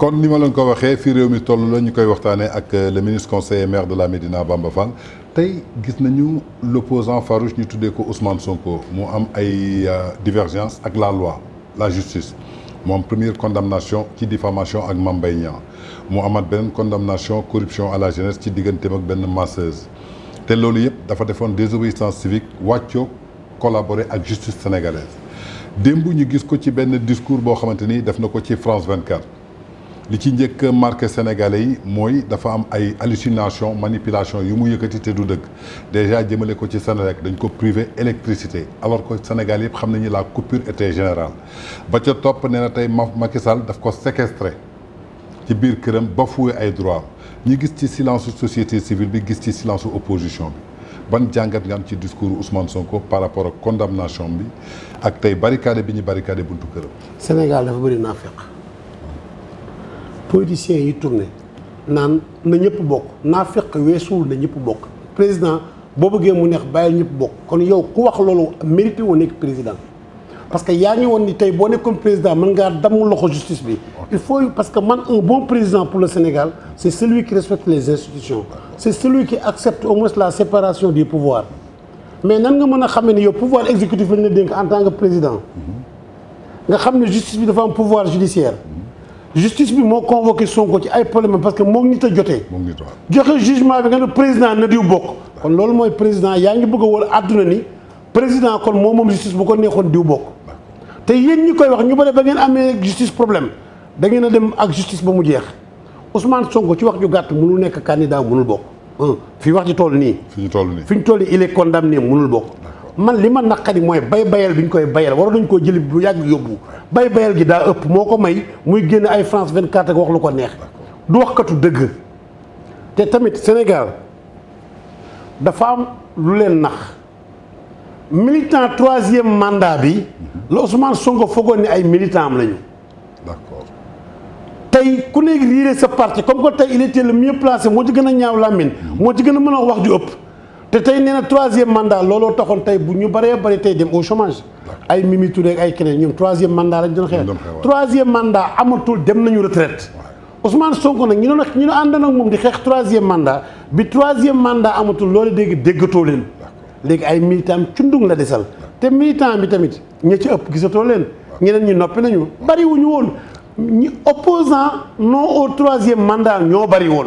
Comme nous l'avons dit, ko waxee fii réew la euh, le ministre conseiller maire de la Médina Bamba Fang. tey gis nañu l'opposant farouche de tuddee ko Ousmane Sonko y a ay euh, divergence avec la loi la justice a une première condamnation ci diffamation ak Mame Mbaye Il a une condamnation corruption à la jeunesse ci digganteem ak benn masseuse te loolu a dafa une désobéissance civique collaboré collaborer la justice sénégalaise démb ñu gis ko ci discours boo xamante ni def na ci France 24 li ci marque marqué sénégalais moi, mooy dafa am ay hallucination manipulation yu mu yëkkati te du dëgg déjà jëmale ko ci Sénélec dañ ko privé électricité alors que Sénégal yëpp xam nañu la coupure était générale ba ca top nee na tey Macky Sall daf ko séquestré ci biir këram ba fuwe ay droit ñu gis ci silence société civile bi gis ci silence opposition bi ban jàngat nga am ci discours Ousmane Sonko par rapport ak condamnation bi ak tey barricade bi ñu barricade buntu këram Sénégal dafa n'a naafeq politiciens yi tourné nous na ñëpp pas. naa fekk weesuwul na ñëpp président boo bëggee mu neex bàyyil ñëpp bokk kon yow ku wax loolu mérité on président parce que y a ni ni tey boo comme président mën ngaa damm loxo justice il faut parce que man un bon président pour le Sénégal c'est celui qui respecte les institutions c'est celui qui accepte au moins la séparation des pouvoirs. mais nan nga mën a xamee pouvoir exécutif est en tant que président nga que la justice bi dafa pouvoir judiciaire justice bi moo convoqué Sonko ci ay problème parce que moom nit a jotee. joxe jugement bi nga ne président na diw bokk. kon loolu mooy président yaa ngi bëgg a wër àdduna ni président kon moom moom justice bu ko neexoon diw bokk. te yéen ñi koy wax ñu bare ba ngeen amee justice problème da ngeen a dem ak justice ba mu jeex Ousmane Sonko ci wax ju gàtt mënul nekk candidat mënul bokk. fi wax ci toll nii. fi ñu toll nii fi ñu toll nii il est condamné mënul bokk man li ma moy mooy bay bayal bi ñu koy bayal war nañ koo jëli bu yàgg yóbbu bay bayal gi da upp moko may muy génn ay France 24 ak wax lu ko neex du wax waxkatu deug té tamit Sénégal dafa am lu leen nax militant 3e mandat bi la Ousmane Sonko foogoon ni ay militant am lañu d'accord tay ku nekk riire sa parti comme que tay il était le mieux placé mo ci gëna ñaaw lamine mo ci gëna mëna wax ju upp te tey nee na troisième mandat looloo taxoon tey bu ñu baree bari tey dem au chômage ay Mimi rek ay keneen ñoom troisième mandat lañ doon xeex troisième mandat amatul dem nañu retraite Ousmane Sonko nag ñu doon ñu doon di xeex troisième mandat bi troisième mandat amatul loolu dégg déggatoo leen léegi ay militant cundung la desal te militant bi tamit ña ci ëpp gisatoo leen ñeneen ñi noppi nañu bariwuñu woon ñi opposant non au troisième mandat ñoo bari woon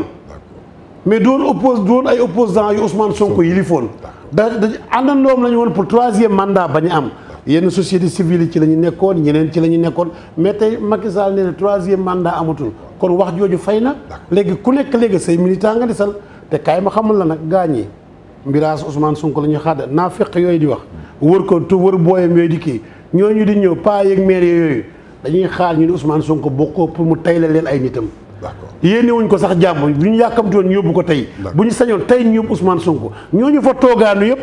mais doon oppose doon ay opposant yu Ousmane Sonko yilifoon da da àndandoom la ñu woon pour troisième mandat ba am yenn société civile yi ci la ñu nekkoon ñeneen ci la ñu nekkoon mais tey Macky Sall nee na troisième mandat amatul kon wax jooju fay na léegi ku nekk léegi say militant nga desal te kaay ma xamul la nag gaañi mbiraas Ousmane Sonko la ñu xaada naa fekk yooyu di wax wër ko tu wër booyam yooyu di kii ñu di ñëw paa yeeg maire yooyu dañuy xaar ñu ne Ousmane Sonko bokkoo pour mu tayle leen ay nitam yéene wuñ ko sax jàmm bu ñu yàkkamti woon ñu yóbbu ko tey bu ñu sañoon tey ñu yóbbu Ousmane ñoo ñu fa toogaanu yëpp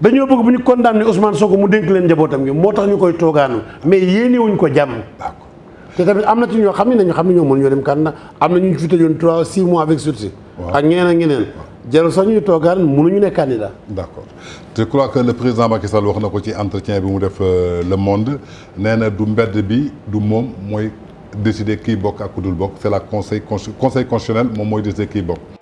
dañoo bëgg bu ñu condamné Ousmane Sonko mu dénk leen njabootam gi moo tax ñu koy toogaanu mais yéene wuñ ko jàmm te tamit na ci ñoo xam ne nañu xam ne ñoo mën ñoo dem kànna am na ñu fi tëjoon trois six mois avec sursis ak ñeneen jarul sax ñuy toogaan mënuñu ne candidat d' accord je crois que le président Macky Sall wax na ko ci entretien bi mu def euh, le monde nee na du mbedd bi du moom mooy décider qui bokk ak ku dul c'est la conseil conseil constitutionnel moom décide qui qui bokk.